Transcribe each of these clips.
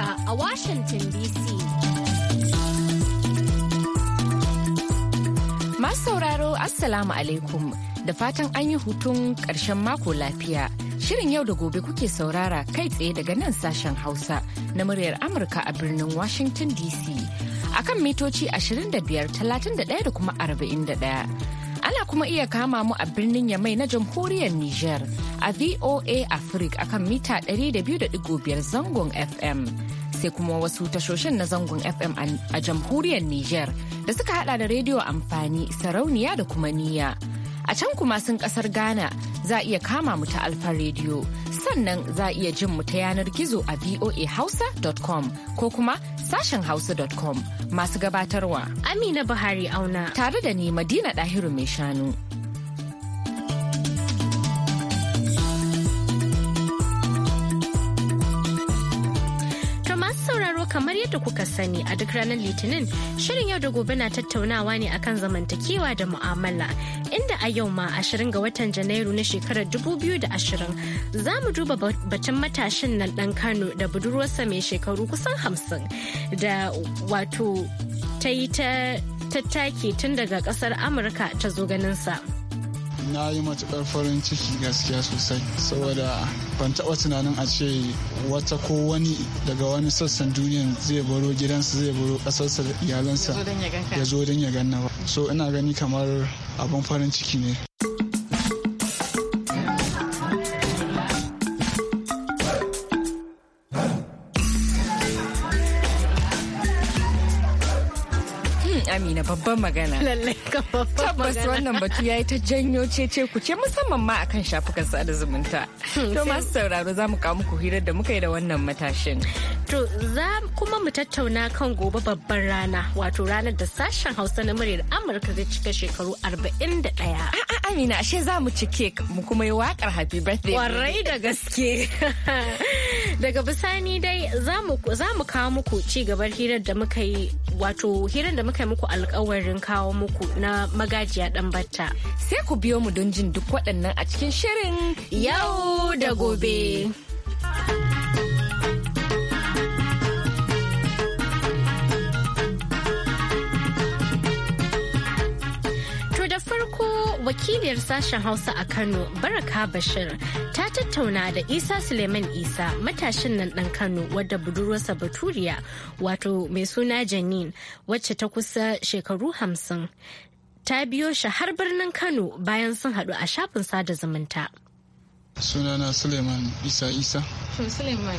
Amurka a Washington DC. Masu sauraro Assalamu alaikum da fatan an yi hutun ƙarshen mako lafiya. Shirin yau da gobe kuke saurara kai tsaye daga nan sashen Hausa na muryar Amurka a birnin Washington DC. a kan mitoci 25, 31 da kuma 41. Ana kuma iya kama mu a birnin Yamai na jamhuriyar Nijar a VOA Africa akan mita 200.5 zangon FM. sai kuma wasu tashoshin na zangon FM a jamhuriyar Nijar da suka hada da rediyo amfani sarauniya da kuma niyya. A can kuma sun kasar Ghana za iya kama mu ta alfa rediyo sannan za iya jin mu ta yanar gizo a voahausa.com ko kuma sashen hausa.com masu gabatarwa. Amina Buhari auna. Tare da ni Madina Dahiru mai shanu. sani a duk ranar Litinin shirin yau da gobe na tattaunawa ne akan zamantakewa da mu'amala inda a yau ma ashirin ga watan Janairu na shekarar dubu biyu da ashirin za mu duba batun matashin nan ɗan Kano da budurwarsa mai shekaru kusan hamsin da wato ta yi ta tattaki tun daga ƙasar Amurka ta zo ganinsa. sa. na yi matukar farin ciki gaskiya sosai saboda ban taɓa tunanin a ce wata ko wani daga wani sassan duniyan zai baro gidansa zai baro ƙasarsa da iyalansa ya zo don ya ganna ba so ina gani kamar abin farin ciki ne amina babban magana lallai magana tabbas wannan batu ya yi ta janyo cece ku ce musamman ma akan shafukan sada zumunta hmm, to masu sauraro za mu kawo muku hirar da muka yi da wannan matashin To za kuma mu tattauna kan gobe babban rana wato ranar da sashen Hausa na muryar Amurka zai cika shekaru 41. A'a Amina ashe za mu cike mu kuma yi wakar happy birthday. Warai da gaske. Daga bisani dai za mu kawo muku ci gabar hirar da muka yi wato hirar da muka yi muku alkawarin kawo muku na magajiya dan batta. Sai ku biyo mu don jin duk waɗannan a cikin shirin yau da gobe. wakiliyar sashen Hausa a Kano Baraka Bashir ta tattauna da Isa Suleiman Isa matashin nan ɗan Kano wadda budurwarsa Baturiya wato mai suna Janin wacce ta kusa shekaru hamsin. Ta biyo shi har birnin Kano bayan sun haɗu a shafin sada zumunta. sunana suleiman isa isa to suleiman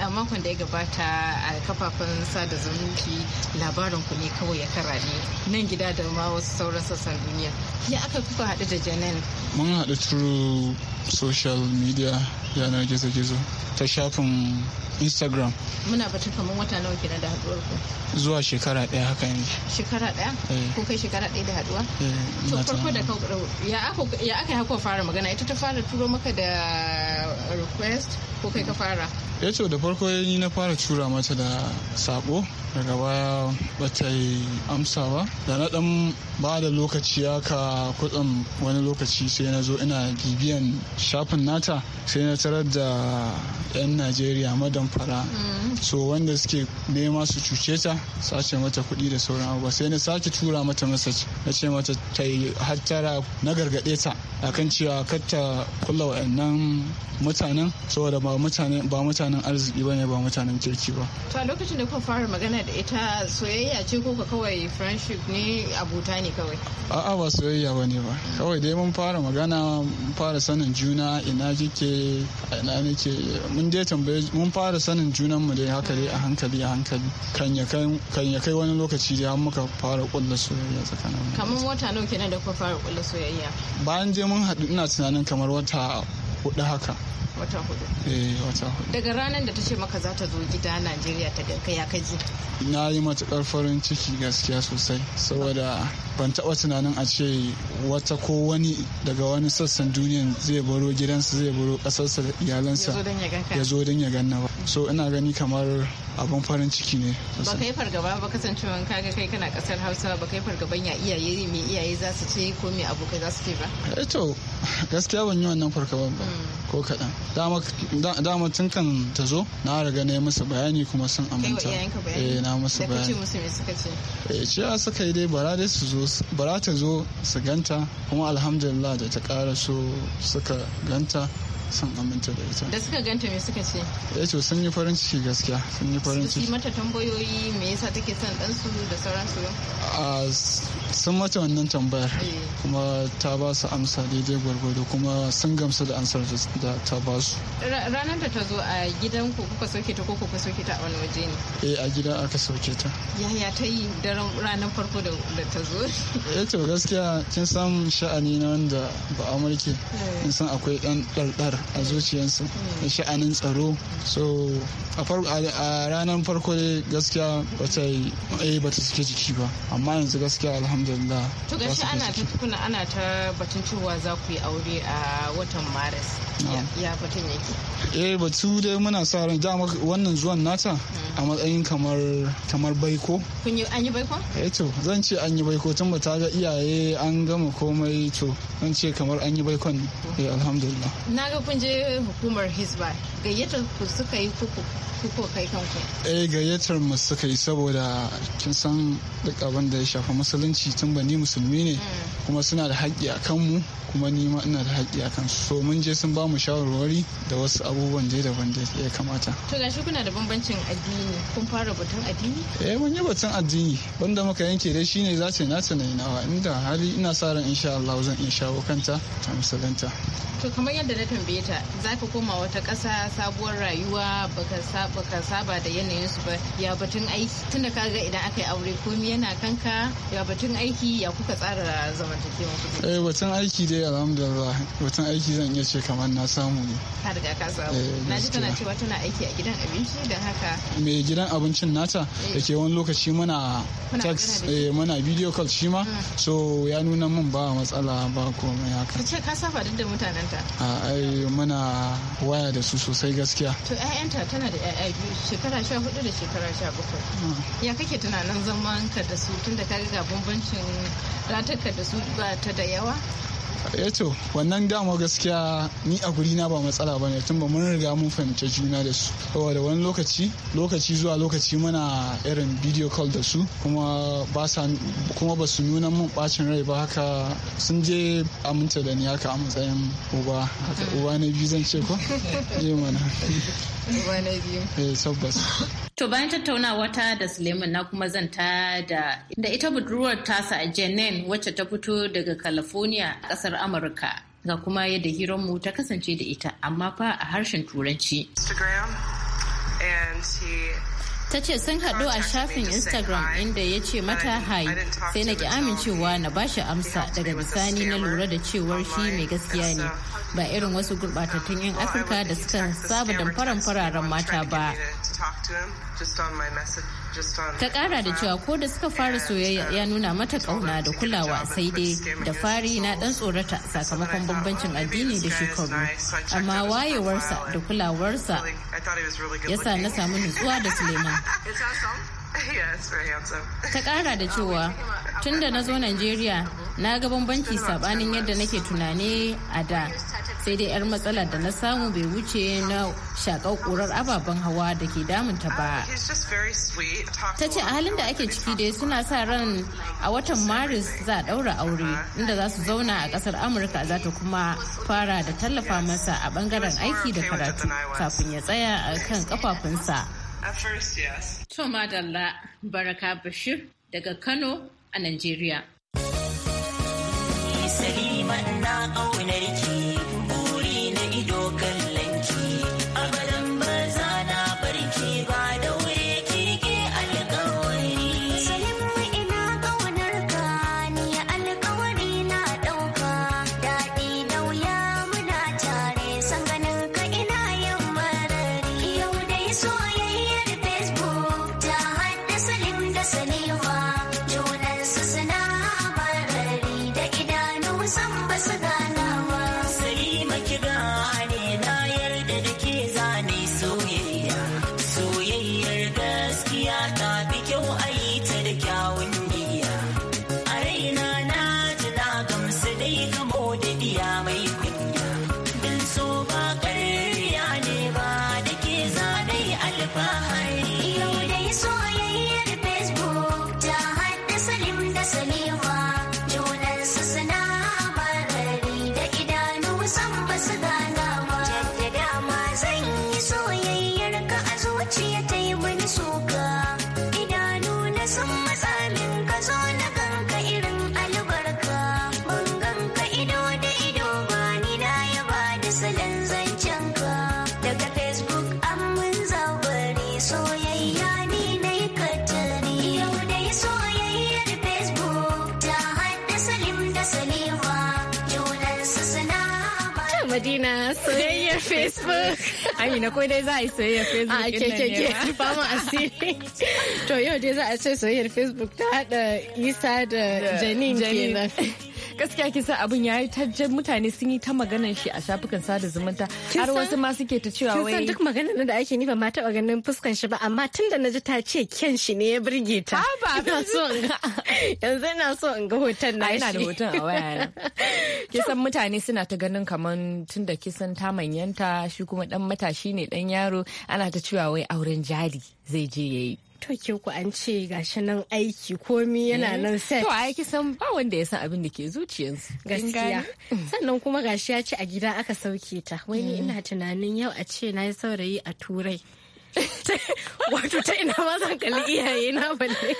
a makon da ya gabata a kafafen sada zumunci labarin ku ne kawai ya kara ne nan gida da ma wasu sauran sassan duniya ya aka kuka haɗu da janel. mun haɗu turu social media yanar gizo-gizo ta shafin instagram muna batun kamar wata nawa kenan da haduwar ku zuwa shekara daya haka yanzu shekara daya eh. ko kai shekara daya da haduwa eh, to farko da ka ya aka ya aka fara magana ita ta fara turo maka da request ko kai ka fara ya eh ce da farko ya ni na fara cura mata da sako daga baya bata yi amsa ba da na dan ba da lokaci ka kudin wani lokaci sai na zo ina bibiyan shafin nata sai na tarar da 'yan najeriya madan fara mm. so wanda suke nema su cuce ta sace mata kudi da sauran abubuwa sai na sake tura mata message na ce mata ta yi hattara na gargaɗe ta akan cewa kar ta kulla wa'annan mutanen saboda ba mutane ba mutanen arziki bane ba mutanen kirki ba to a lokacin da kuka fara magana da ita soyayya ce ko ka kawai friendship ne abota ne kawai a'a ba soyayya bane ba kawai dai mun fara magana mun fara sanin juna ina kike ina nake mun dai tambaye mun fara sanin junan mu dai haka dai a hankali a hankali kan ya kai kan ya kai wani lokaci dai har muka fara kulla soyayya tsakanin mu kamar wata nawa kenan da kuka fara kulla soyayya bayan je mun haɗu ina tunanin kamar wata hudu haka Eh, wata hudu daga ranar da ta ce maka za ta zo gida Najeriya ta ganka ya kaji na yi matukar farin ciki gaskiya sosai saboda ban taɓa tunanin a ce wata ko wani daga wani sassan duniyan zai baro gidansa zai baro ƙasarsa iyalansa ya zo don ya ganna ba so ina gani kamar abin farin ciki ne ba kai fargaba ba kasancewan kaga kai kana ƙasar hausa ba kai fargaba ya iyaye me iyaye za su ce ko me abokai za su ce ba eh to gaskiya ban yi wannan fargaba ba hmm. ko kaɗan dama tun kan ta zo na riga na yi masa bayani kuma sun aminta eh na masa bayani da ce musu me suka ce eh ce suka yi dai bara dai su zo ba bara ta zo su ganta kuma alhamdulillah da ta kara so suka ganta sun aminta da ita. Da suka ganta me suka ce? Ya eh ce sun yi farin ciki gaskiya sun yi farin ciki. Su mata tambayoyi me yasa take son su da su sun mata wannan tambayar kuma ta ba su amsa daidai gwargwado kuma sun gamsu da amsar da ta ba su ranar da ta zo a gidan ku kuka soke ta ko kuka soke ta a wani waje ne eh a gida aka soke ta yaya ta yi daren ranar farko da ta zo eh to gaskiya kin san sha'ani na wanda ba amurke eh. kin san akwai dan ɗarɗar a zuciyarsa da hmm. sha'anin tsaro so a ranar farko gaskiya ba yi eh, ba ta suke jiki ba amma yanzu gaskiya alhamdulillah alhamdulillah to gashi ana ta tukuna ana ta batun cewa za ku yi aure a watan maris ya batun yake eh batu dai muna sa ran dama wannan zuwan nata hmm. a matsayin kamar kamar baiko kun yi an yi baiko eh to zan ce an yi baiko tun bata ga iyaye an gama komai to zan ce kamar an yi baikon ne hmm. eh alhamdulillah na ga kun je hukumar hisba gayyatar ku suka yi kuku kuku kai kanku eh gayyatar mu suka yi saboda kin san duk abin da ya shafi musulunci tun ba ni musulmi ne mm. kuma suna da haƙƙi a kanmu kuma ni ma ina da haƙƙi a kansu so mun je sun ba mu shawarwari da wasu abubuwan da daban da ya kamata to gashi kuna da bambancin addini kun fara batun addini eh mun yi batun addini wanda muka yanke dai shine zace na ta nawa inda hali ina sa ran insha Allah zan iya shawo kanta ta musulunta to kamar yadda na tambaye ta za ka koma wata ƙasa sabuwar rayuwa baka saba da yanayin su ba ya batun aiki tunda ka ga idan aka yi aure komi yana kanka ya batun aiki ya kuka tsara zamantakewa eh batun aiki dai alhamdulillah batun aiki zan iya ce kamar na samu ne. ka riga ka samu eh, na ji tana cewa tana aiki a gidan abinci da haka. mai gidan abincin nata eh. da ke wani lokaci muna text eh, muna video call shi ma hmm. so ya nuna min ba matsala ba komai haka. ka ce ka saba duk da mutanen ta? ai muna waya da su sosai gaskiya to 'ya'yanta tana da 'ya'ya biyu shekara sha hudu da shekara sha bakwai hmm. ya kake tunanin zaman ka da su tun da kaga ga bambancin ratarka da su ba ta da yawa ya eh to wannan dama gaskiya ni a guri na ba matsala bane tun ba mun riga mun fahimci juna da su da wani lokaci lokaci zuwa lokaci muna irin video call da su kuma ba sa kuma ba su nuna mun bacin rai ba haka sun je aminta da ni haka a matsayin uba haka uba na biyu zan ce ko je mana uba na biyu eh tabbas To bayan tattaunawa ta da Suleiman na kuma zanta da da ita budurwar tasa a Jenin wacce ta fito daga California a kasar Amurka ga kuma yadda hiranmu ta kasance da ita amma fa a harshen Turanci. ta ce sun haɗu a shafin instagram inda ya ce mata hai sai na ki amincewa na ba shi amsa daga bisani na lura da cewar shi mai gaskiya ne ba irin wasu gurɓatattun 'yan afirka da suka saba damfaran fararen mata ba ta kara da cewa ko da suka fara soyayya ya nuna uh, mata kauna da kulawa sai dai da fari na dan tsorata sakamakon bambancin addini da shekaru amma wayewarsa da kulawarsa ya sa na samu nutsuwa da suleiman ta kara da cewa tun da na zo najeriya na ga bambanci sabanin yadda nake tunani a da sai dai 'yar matsalar da na samu bai wuce na shakar ƙurar ababen hawa da ke damunta ba uh, ta ce a halin da ake ciki dai suna sa ran a watan maris za a ɗaura aure inda za su zauna a ƙasar amurka za ta kuma fara da tallafa masa a bangaren aiki da karatu kafin ya tsaya a kan kafafunsa bashir daga kano a najeriya Salima na ƙaunar Amina soyayyar Facebook. a yi soyayyar Facebook. ke asiri. To yau dai za a ce soyayyar Facebook ta haɗa Isa da gaskiya kisa san abin ta tajjan mutane sun yi ta maganar shi a shafukan sada zumunta har wasu ma suke ta cewa wai kin san duk maganar da ake ni ba ma taba ganin fuskan shi ba amma tunda naji ta ce kyan shi ne ya burge ta ba ina so in ga yanzu ina so in ga hoton na ina da hoton a waya kisan mutane suna ta ganin kaman tunda kisan ta manyanta shi kuma dan matashi ne dan yaro ana ta cewa wai auren jari zai je yayi to ke ku an ce gashi nan aiki komi yana eh? nan set. To aiki san ba wanda ya san abin da ke zuciyarsu. Gaskiya. Sannan kuma gashi ya ce a gida aka sauke ta. Wai ni mm. ina tunanin yau a ce na yi saurayi a Turai. Wato ta ina ma zan kalli iyaye na balle.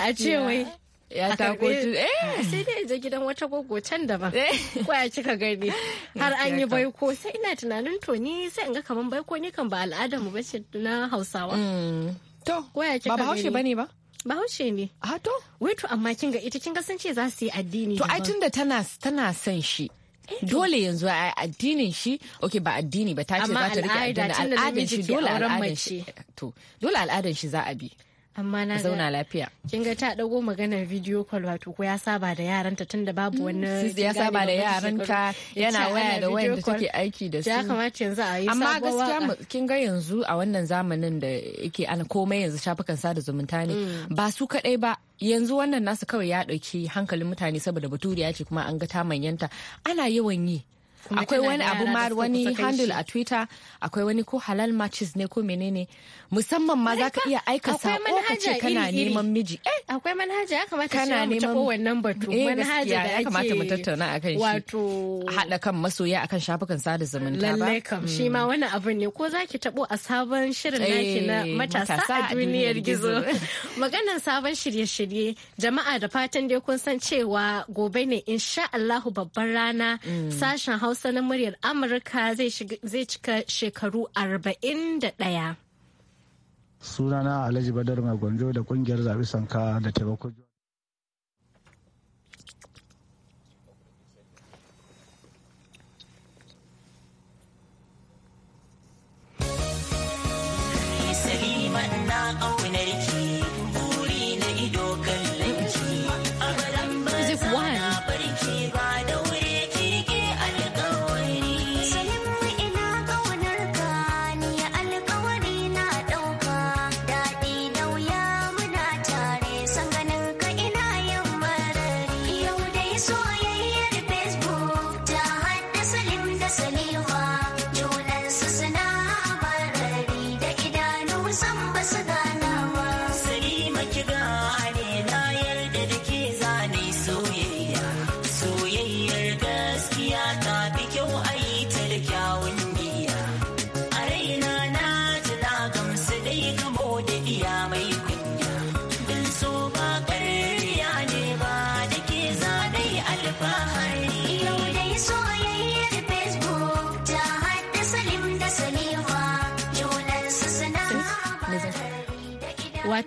A ce wai ya tako eh sai dai je gidan wata gogo can daban eh! ko ya kika gani har an yi baiko sai ina tunanin to ni sai in ga kaman baiko ni kan ba al'adarmu ba ce na Hausawa mm. To, waya kika ba bahaushe bane ba? Bahaushe ne. A to? Wai to amma kin ga ita kin ga sun ce za su yi addini. To ai tunda tana tana son shi. Eh dole yanzu a addinin shi, ok ba addini ba ta ce za ta rike addinin al'adan shi dole shi. To, dole al'adan shi za a bi. amma na zauna lafiya kin ga ta dago maganar video call wato ko ya saba da yaranta tunda babu mm, wani ya saba da yaranta yana waya da wayar da take aiki da su ya kamata yanzu a yi amma gaskiya kin ga yanzu a wannan zamanin da yake ana komai yanzu shafukan sada zumunta ne mm. ba su kadai ba yanzu wannan nasu kawai ya dauki hankalin mutane saboda baturiya ce kuma an ga ta manyanta ana yawan yi akwai wani abu ma wani handle a twitter akwai wani ko halal matches ne ko menene musamman ma zaka iya aika sako ka ce kana neman miji eh, eh akwai manhaja ya kamata kana neman wannan batu eh, manhaja da ya kamata mu tattauna akan shi wato hada kan masoya akan shafukan sada zumunta ba lalle kam shi ma mm. wani abu ne ko zaki tabo a sabon shirin naki eh, na matasa a duniyar gizo maganar sabon shirye-shirye jama'a da fatan dai kun san cewa gobe ne insha Allahu babban rana mm. sashen Hausa na muryar Amurka zai cika shekaru 41. Sunana Alhaji Badar Mai Gwanjo da kungiyar zaɓi sanka da taimako. Salima na ƙaunar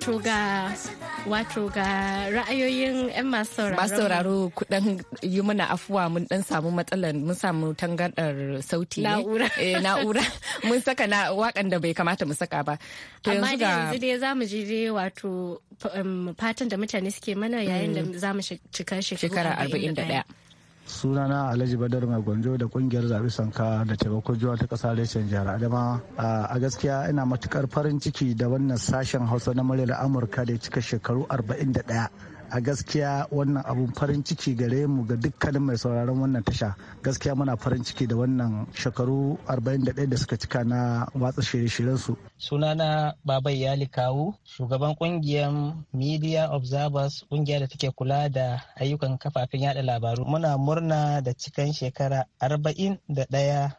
wato ga wato ga ra'ayoyin 'yan masu sauraro kudin yi mana afuwa mun dan samu matsalar mun samu tangardar sauti na'ura eh na'ura mun saka na wakan da bai kamata mu saka ba to yanzu ga yanzu dai zamu je dai wato um, fatan da mutane suke mana yayin da hmm. zamu cika shekara 41 sunana alhaji badar mai gwanjo da kungiyar zaɓi sanka da taimakon juwa ta ƙasa reshen jihar adama a gaskiya ina matukar farin ciki da wannan sashen hausa na muryar amurka da ya cika shekaru 41 a gaskiya wannan abun farin ciki gare mu ga dukkanin mai sauraron wannan tasha gaskiya muna farin ciki da wannan shekaru 41 da suka cika na watsa shirye-shiryen su sunana baba yali kawu shugaban kungiyar media observers kungiya da take kula da ayyukan kafafen yada labaru muna murna da cikan shekara 41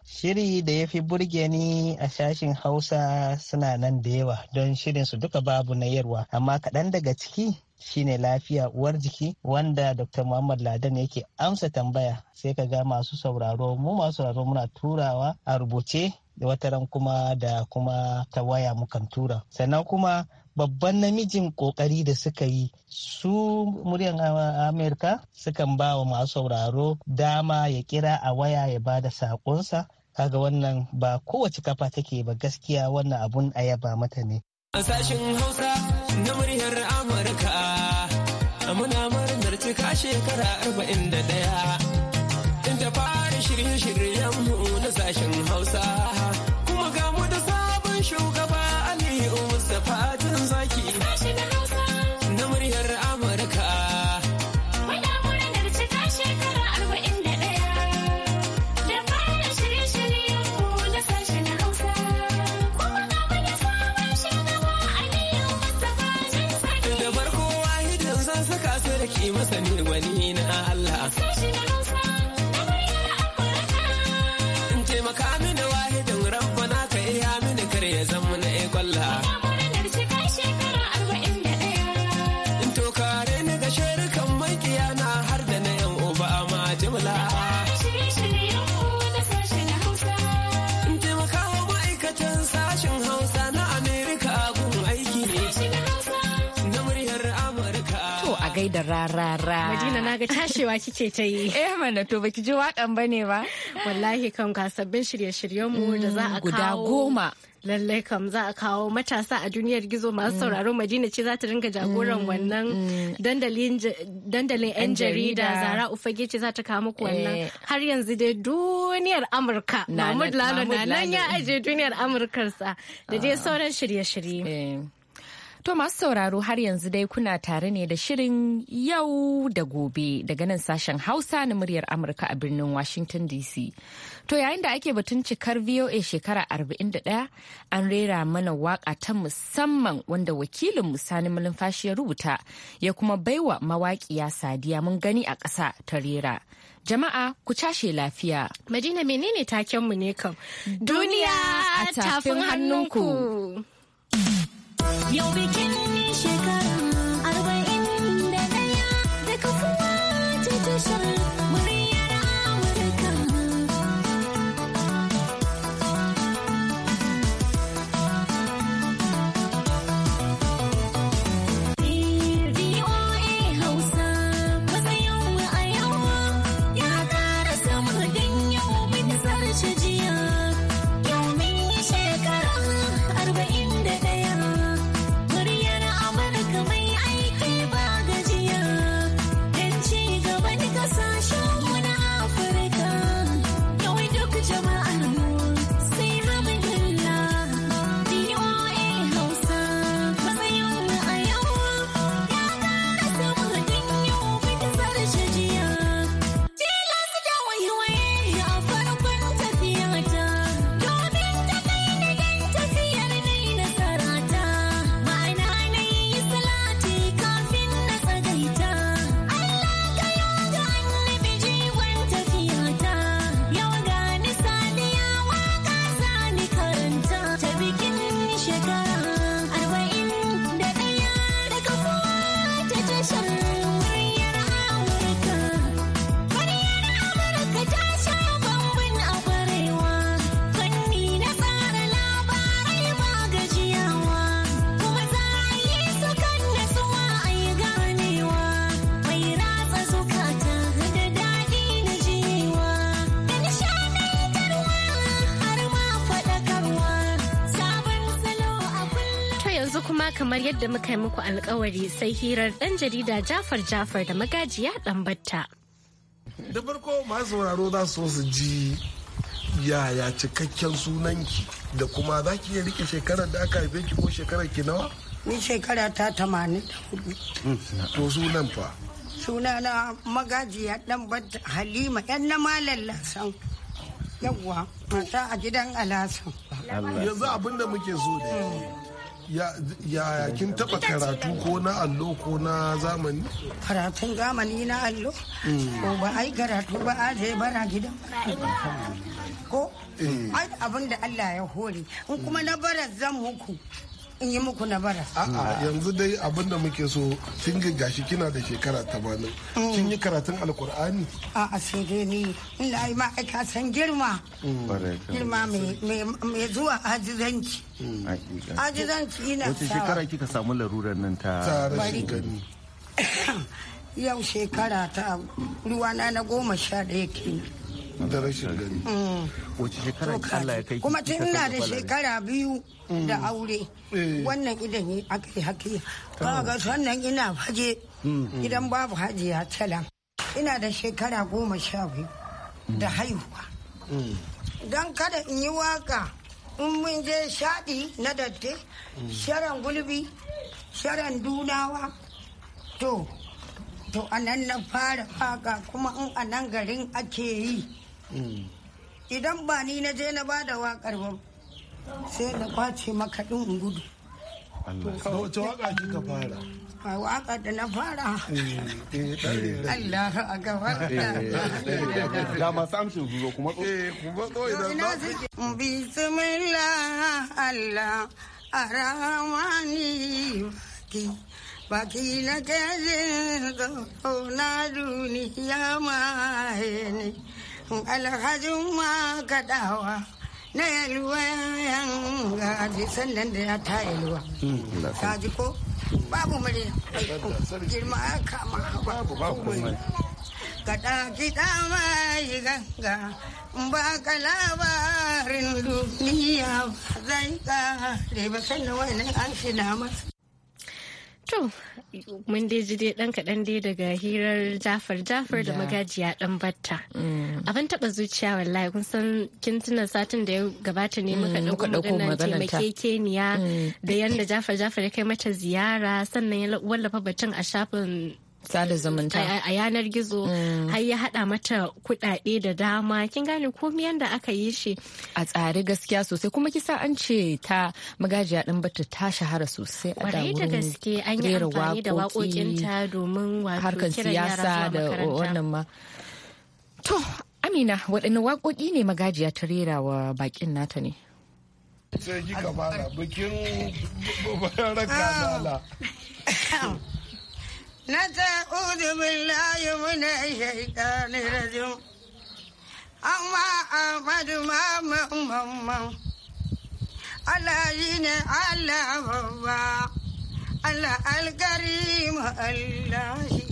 shiri da ya fi burge ni a shashin hausa suna nan da yawa don shirin su duka babu na yarwa amma kaɗan daga ciki shine lafiya uwar jiki wanda dr muhammad ladan yake amsa tambaya sai ka ga masu sauraro mu masu sauraro muna turawa a rubuce da wataran kuma da kuma ta waya mukan tura sannan kuma babban namijin kokari da suka yi su muryan amerika sukan ba wa masu sauraro dama ya kira a waya ya ba da saƙonsa kaga wannan ba kowace kafa take ba gaskiya wannan abun a yaba mata ne Sashen Hausa na muryar Amurka muna murnar cika shekara arba'in da ɗaya. Inda fara shirye-shiryenmu na sashen Hausa. wai da rarara. Madina na ga tashewa kike ta yi. Eh mana to baki ji wakan bane ba. Wallahi kan ka sabbin shirye-shiryen mu da za a mm, kawo. Guda goma. lallai kam za a kawo matasa a duniyar gizo masu mm. sauraro madina ce za ta ringa jagoran mm, wannan dandalin yan jarida zara ufage ce za ta kawo muku wannan eh. har yanzu dai duniyar amurka mahmud lalo na nan ya aje duniyar amurkarsa da dai ah. sauran shirye-shirye eh. To masu sauraro har yanzu dai kuna tare ne da shirin yau da gobe daga nan sashen Hausa na muryar Amurka a birnin Washington DC. To yayin da ake batun cikar VOA shekara 41 an rera mana waka ta musamman wanda wakilin Sani Mulumfashi ya rubuta ya kuma baiwa mawaƙiya Sadiya mun gani a ƙasa ta rera. Jama'a ku cashe lafiya. Madina menene takenmu ne kam? Duniya a tafin hannunku. yau bikin shekara yanzu kuma kamar yadda muka yi muku alkawari sai hirar dan jarida Jafar Jafar da magajiya batta. Da farko masu sauraro za su su ji yaya cikakken sunanki da kuma za ki iya rike shekarar da aka haife ki ko shekarar ki nawa? Ni shekara ta tamanin da hudu. To sunan fa? Sunana magajiya batta Halima yan na Malam Lasan. Yawwa, mata a gidan Alasan. Yanzu abinda muke so da ya kin taba karatu ko na allo ko na zamani karatun zamani na allo ko mm. ba ai karatu ba a je bara gidan ko eh. ai abin da Allah ya hore in kuma na bara zan muku in yi muku na bara. A'a yanzu dai abin da muke so kin ga gashi kina da shekara tamanin. Mm. Kin yi karatun alkur'ani? A'a sai dai ni ina yi ma'aika san girma. Mm. Girma mai zuwa ajizanci. Mm. Ajizanci ina sawa. Wace shekara kika samu larurar nan ta? Tsara shekaru. Yau shekara ta ruwana na goma sha ɗaya kenan. da rashin gani hmm. wace shekara Allah ya kai kuma tun ina da shekara biyu da hmm. aure eh. wannan idan yi aka yi haki ga sannan ina faje hmm. idan babu hajiya tala ina da shekara goma sha biyu da haihuwa don kada in yi waka in mun je shaɗi na datte sharan gulbi sharan dunawa to to nan na fara faka kuma in a nan garin ake yi idan ba ni na je na ba da waƙar ba sai na kwace makaɗin in gudu wace waƙa kika fara a waƙa da na fara Allah a gaba da masu amshin zuwa kuma tso eh, kuma tso idan za bismillah Allah arhamani ki baki na kajin zauna duniya ma eh, ne alhajin ma gadawa na yalwa yan ga sandan da ya ta yalwa ta hmm, ji ko babu murya girma kama babu babu kaɗa kiɗa mai ganga ba ka labarin duniya zai ka da ba sannan wani an shi To, mun dai ji dai ɗan kaɗan dai daga hirar Jafar Jafar da magajiya ɗan batta. Mm. Abin taɓa zuciya wallahi kun san kin tuna satin da ya gabata ne muka mm, ɗauko taimake keniya mm. da yadda Jafar Jafar ya kai mata ziyara sannan ya wallafa batun a shafin sada zumunta a yanar gizo mm. har ya hada mata kudade da dama kin gane komai yanda aka yi shi a tsare gaskiya sosai kuma kisa an ce ta magajiya din bata ta shahara sosai a da da gaske an yi amfani da ta domin wato kiran yara da wannan ma to Amina waɗanne wakoki ne magajiya ta rera wa baƙin nata ne? Sai kika fara bikin bayan raka نتعوذ بالله من الشيطان الرجيم أما أحمد ما مهمم الذين على بابا على الكريم الله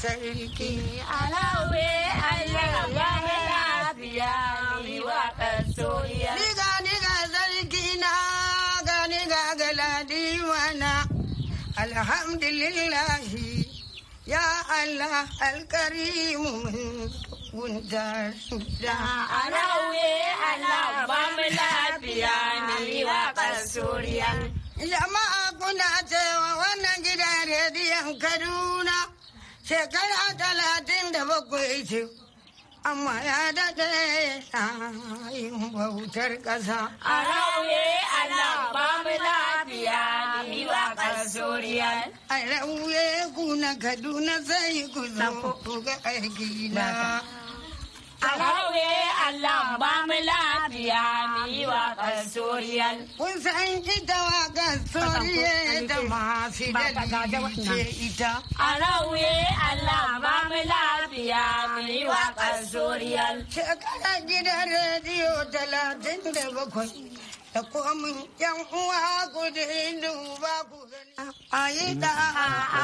sarki alawe Allah ya lafiya mi wa soyayya ni ga ni ga sarki na ga ni ga galadi mana alhamdulillah ya Allah alkarimu mun gundar da arauye Allah ba mu lafiya ni wa kasuriya jama'a kuna cewa wannan gidan rediyon Kaduna shekara talatin da bakwai ce amma ya daɗe na yin bautar ƙasa. A rauye Allah ba mu lafiya mi wa ƙasoriya. A rauye ku na Kaduna sai ku zo ku ga aiki na. Alhauye Allah ba mu lafiya mu yi wa kansoriyal. Kun san ita wa kansoriyal da masu dalili ke ita. Alhauye Allah ba mu lafiya mu yi wa kansoriyal. Shekara gidan rediyo talatin da bakwai. da komin yan uwa gudun duba ku gani. Ayi da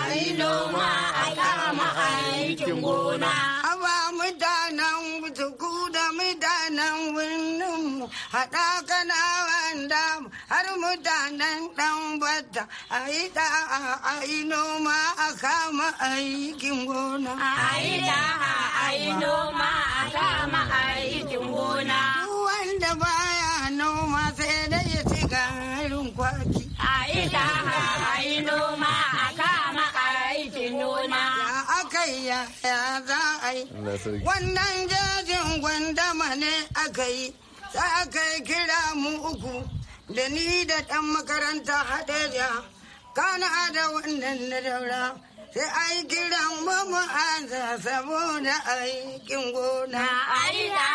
ayi noma a kama aikin gona. raba mutanen tuku da mutanen birninmu haɗa kanawan damu har mutanen ɗan bata a yi da a yi noma a kama aikin gona. A yi da a yi noma a kama aikin gona. Wanda ba baya noma sai da ya ci garin kwaki. A yi da a yi noma a kama aikin gona. gayya ya za a yi wannan jejin gwandama ne aka yi za ka yi kira mu uku da ni da ɗan makaranta haɗe kana da wannan na daura sai ai kiran mamu aza saboda aikin gona. Ai da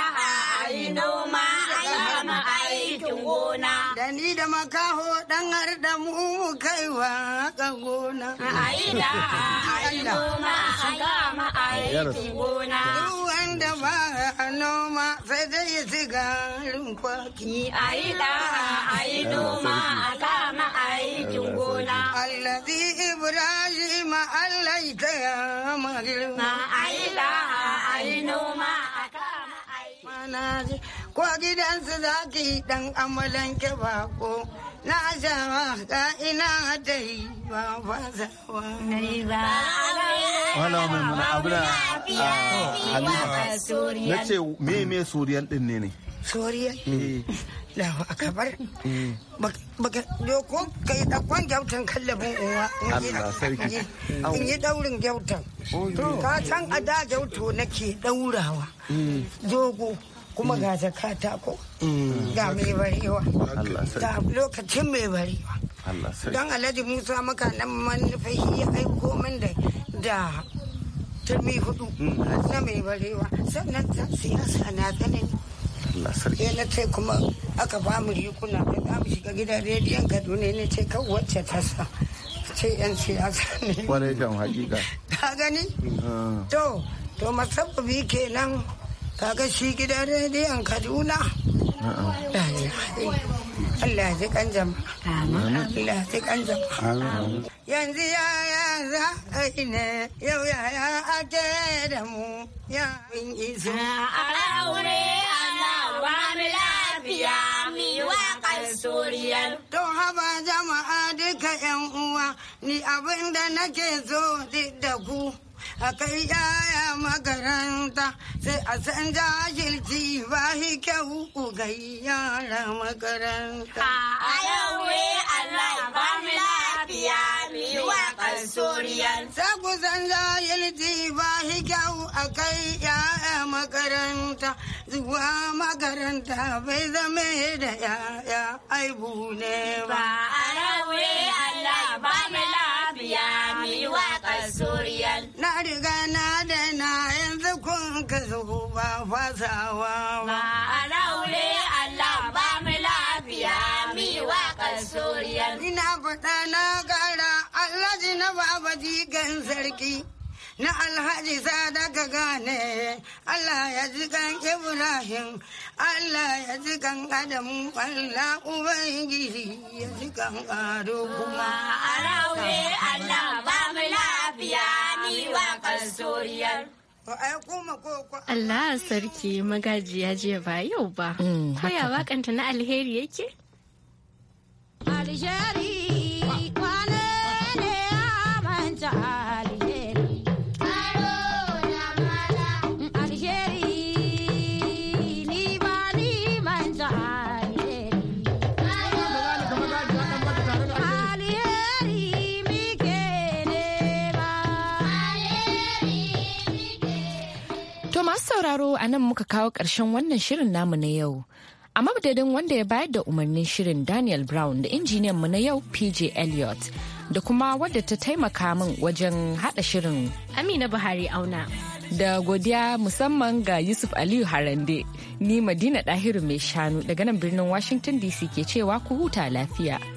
ai noma ai gama aikin gona. Da ni da makaho dan har da mu kai wa ka gona. Ai da ai noma ai gama aikin gona. wanda ba a noma sai dai ya ci garin kwaki. A yi ɗa'a, a yi noma, a kama aikin gona. Allazi Ibrahim Allah ta yama girma. A yi ɗa'a, a yi noma, a kama aikin gona. Ko gidansu za ki dan amalanke bako. na jawa ka ina ta yi ba fasawa na yi ba wala mai mana abu da ah, na ce me me suriyan din ne ne suriyan eh. lahu akabar eh. baka ko kai dakon gyautan kallabin uwa in yi daurin gyautan ka san a da gyauto nake daurawa eh. dogo kuma ga jaka ta ko mm. ga mai barewa ga lokacin mai barewa don alhaji musa maka nan manufahi ya aiko min da da turmi hudu mm. na mai barewa sannan ta siyasa na tsanani ya na ce kuma aka ba mu rikuna da za mu shiga gidan rediyon kaduna ne ce kan wacce ta sa ce yan siyasa ne. wani kan hakika. Ka gani? Mm. To, to masabbabi kenan kaga shi gidan rediyon kaduna Allah ji kan Allah ji kan Yanzu ya ya za a ne yau ya ya ake da mu ya min izu. A aure Allah ba mi lafiya mi waƙar suriyar. Don haba jama'a duka 'yan uwa ni abin da nake zo duk da ku. Akai kai yaya makaranta sai a san jahilci ba shi kyau ku gai yara makaranta. A yau Allah ba mu lafiya mu yi waƙar soriyan. Sai ku san jahilci ba shi kyau a kai yaya makaranta zuwa makaranta bai zame da yaya aibu ne ba. A yau Allah ba mu lafiya mu yi waƙar soriyan. riga na na yanzu kun ka zo ba fasawa. a raure Allah ba mu lafiya mi wa Ina faɗa na gara Allah ji na babaji gan sarki. na alhaji sada ka gane Allah ya ji kan Ibrahim Allah ya ji kan Adamu Allah Ubangiji ya ji kan Ado kuma Arawe Allah ba mu lafiya ni wa kasoriyar Allah sarki magaji ya je ba yau ba. Mm, Koya wakanta na alheri yake? Alheri sauraro a nan muka kawo ƙarshen wannan shirin namu na yau. A mabdadin wanda ya bayar da umarnin shirin Daniel Brown da injiniyan mu na yau PJ Elliot da kuma wadda ta taimaka min wajen hada shirin. Amina Buhari auna. Da godiya musamman ga Yusuf Aliyu Harande, ni Madina dahiru mai shanu daga nan birnin Washington DC ke cewa ku huta lafiya.